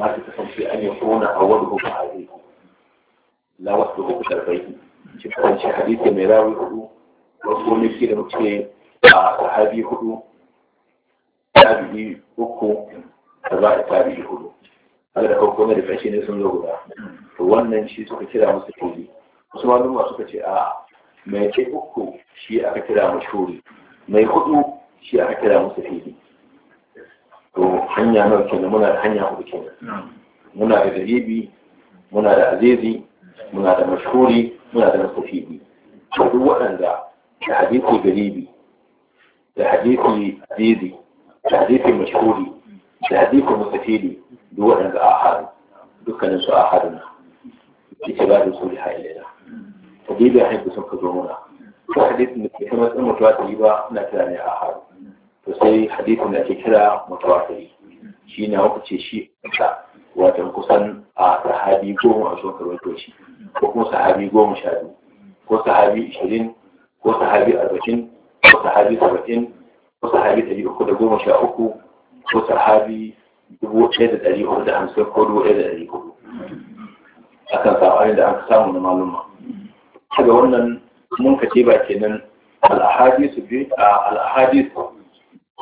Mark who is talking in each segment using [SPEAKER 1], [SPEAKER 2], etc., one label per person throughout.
[SPEAKER 1] ما تتصل أن يكون أوله فعليه لا وصله بتربيه شكرا شي حديث ميراوي هدو وصول نفسي لمكشي صحابي هدو تابعي أكو كذا تابعي هدو هذا da farko na rufe shi ne sun zo guda wannan shi suka kira musu tuli wasu malama suka ce a mai ce uku shi aka kira mashuri mai hudu shi aka kira musu fili hanya nawa kenan muna da hanya hudu kenan muna da zabibi muna da azizi muna da mashhuri muna da nasufi to duk waɗanda da hadisi garibi da hadisi azizi da hadisi mashhuri da hadisi mutafili duk waɗanda a harin dukkanin su a na yake ba da su da hailina to bai da haifu sun ka zo muna ko hadisin da ke kuma tsin mutuwa ta yi ba na tunani a harin to sai hadisi da ke kira mutawatiri shi ne aka ce shi da watan kusan a sahabi goma a shokar wato shi ko kuma sahabi goma sha biyu ko sahabi ishirin ko sahabi arba'in ko sahabi saba'in ko sahabi ɗari uku da goma sha uku ko sahabi dubu ɗaya da ɗari uku da hamsin ko dubu ɗaya da ɗari uku akan saɓani da aka samu na maluma daga wannan mun kace ba kenan al-ahadisu bi al-ahadisu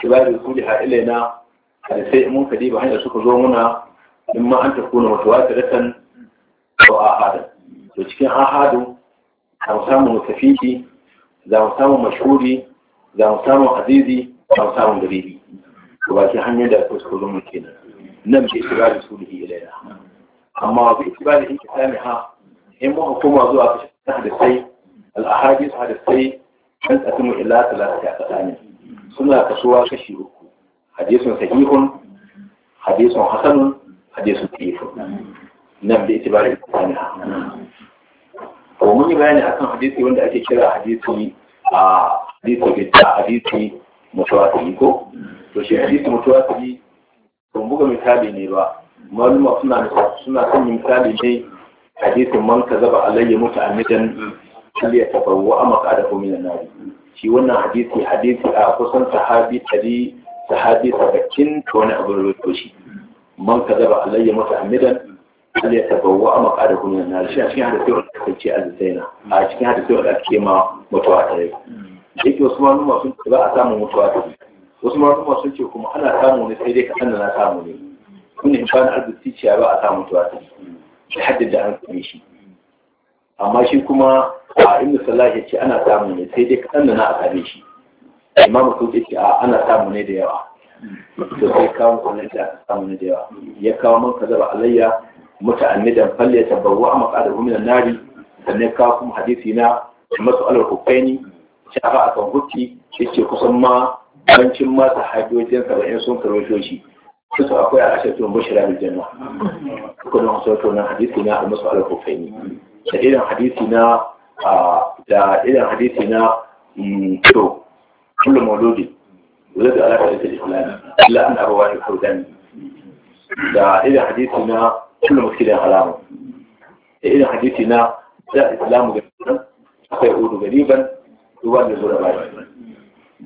[SPEAKER 1] ibadu kulliha ilaina sai mun kadi ba hanyar suka zo muna in ma an tafi wata wata ratan ko a hada, to cikin a ahadu za mu samu mutafiki za mu samu mashuri, za mu samu azizi za mu samu garibi to ba hanyar da aka suka zo mun kenan nan bai shiga da su da ilayya amma ba bai shiga da inkisami ha in muka koma zuwa kashe hadisai al-ahadis hadisai kan tsatimu ila talata a tsakanin suna kasuwa kashi uku hadisun sahihun hadisun hasanun hadisun sahihun nan da ita bari tsani ko mun yi bayani akan hadisi wanda ake kira hadisi a hadisi bidda hadisi mutuwa ta ko to shi hadisi mutuwa ta mutawatir ban buga misali ne ba maluma suna suna son misali ne hadisin man ka zaba alayya muta'ammidan kalli ya tabawwa ka da min an-nar shi wannan hadisi hadisi a kusan sahabi sahabi sabakin ta wani abin rubuto shi man ka zaba alayya muta'ammidan al ya tabawwa a maƙada kuma na shi a cikin hadisi wanda kasance a zaina a cikin hadisi wanda ake ma mutuwa ta rai yake wasu malumma sun ce ba a samun mutuwa ta rai wasu malumma sun ce kuma ana samu ne sai dai kaɗan na samu ne kuma in bani arziki ciya ba a samun mutuwa ta rai da haddada an sami shi amma shi kuma a inda salah ya ce ana samu ne sai dai kaɗan da na a same shi imam ko ce a ana samu ne da yawa to sai kawo kullun da samu ne da yawa ya kawo mun kaza ba alayya dan falle tabawwa maqadahu min an-nari sannan kawo kuma hadisi na masu alal hukaini shafa a kan hukki yake kusan ma bancin ma ta sahabiyojin saba'in sun karoto shi su akwai a ashirin bashira da janna kuma wasu wato na hadisi na almasu al-hukaini da irin hadisi na ah, da irin hadisi na mm, to كل مولود ولد على رايه الاسلام الا ان ابواه الحوتان ده الى حديثنا كل مشكله كلامه الى حديثنا لا اسلام جدا سيعود قريبا يولد غربا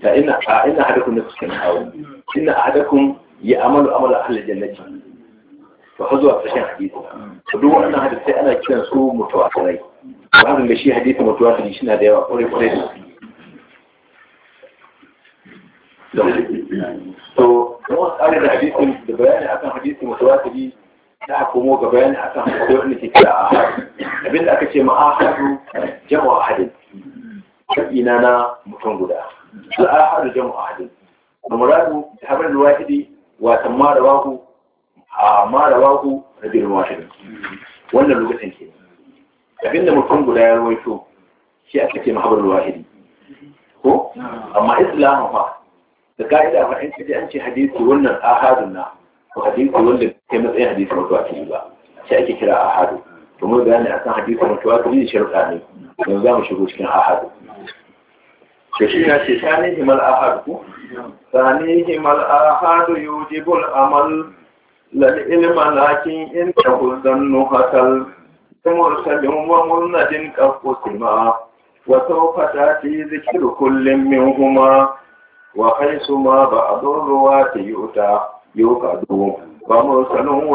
[SPEAKER 1] فان ان احدكم نفس كما ان احدكم يعمل عمل اهل الجنه فخذوا في شيء حديث فدو ان هذا انا كان سو متواتر وهذا المشي حديث متواصل يشنا ده قريب قريب to kuma tsari da hadisin da bayani akan hadisin mutawatiri da aka komo ga bayani akan hadisin da ke kira a abinda aka ce ma'ahadu jama'a hadin ina na mutum guda al'ahadu jama'a hadin amuradu da habar da wahidi watan ma da wahu a ma da wahu rabin wahidin wannan lokacin ke abinda mutum guda ya rawaito shi aka ce mahabar wahidi ko amma islam fa القاعده راح تجي انت حديث قلنا احاد النا وحديث قلنا كما اي حديث متواتر يبقى شيء كرا احاد ثم بان اعطى حديث متواتر لي شرط ثاني لو جاء مش بوش كان احاد شيء ثاني هم الاحاد ثاني هم الاحاد يوجب العمل للعلم لكن ان تقول ظنه حصل مرسل ومرند كفو سما وسوف تاتي ذكر كل منهما وحيثما بعض الرواة يؤتى يوقد ومرسل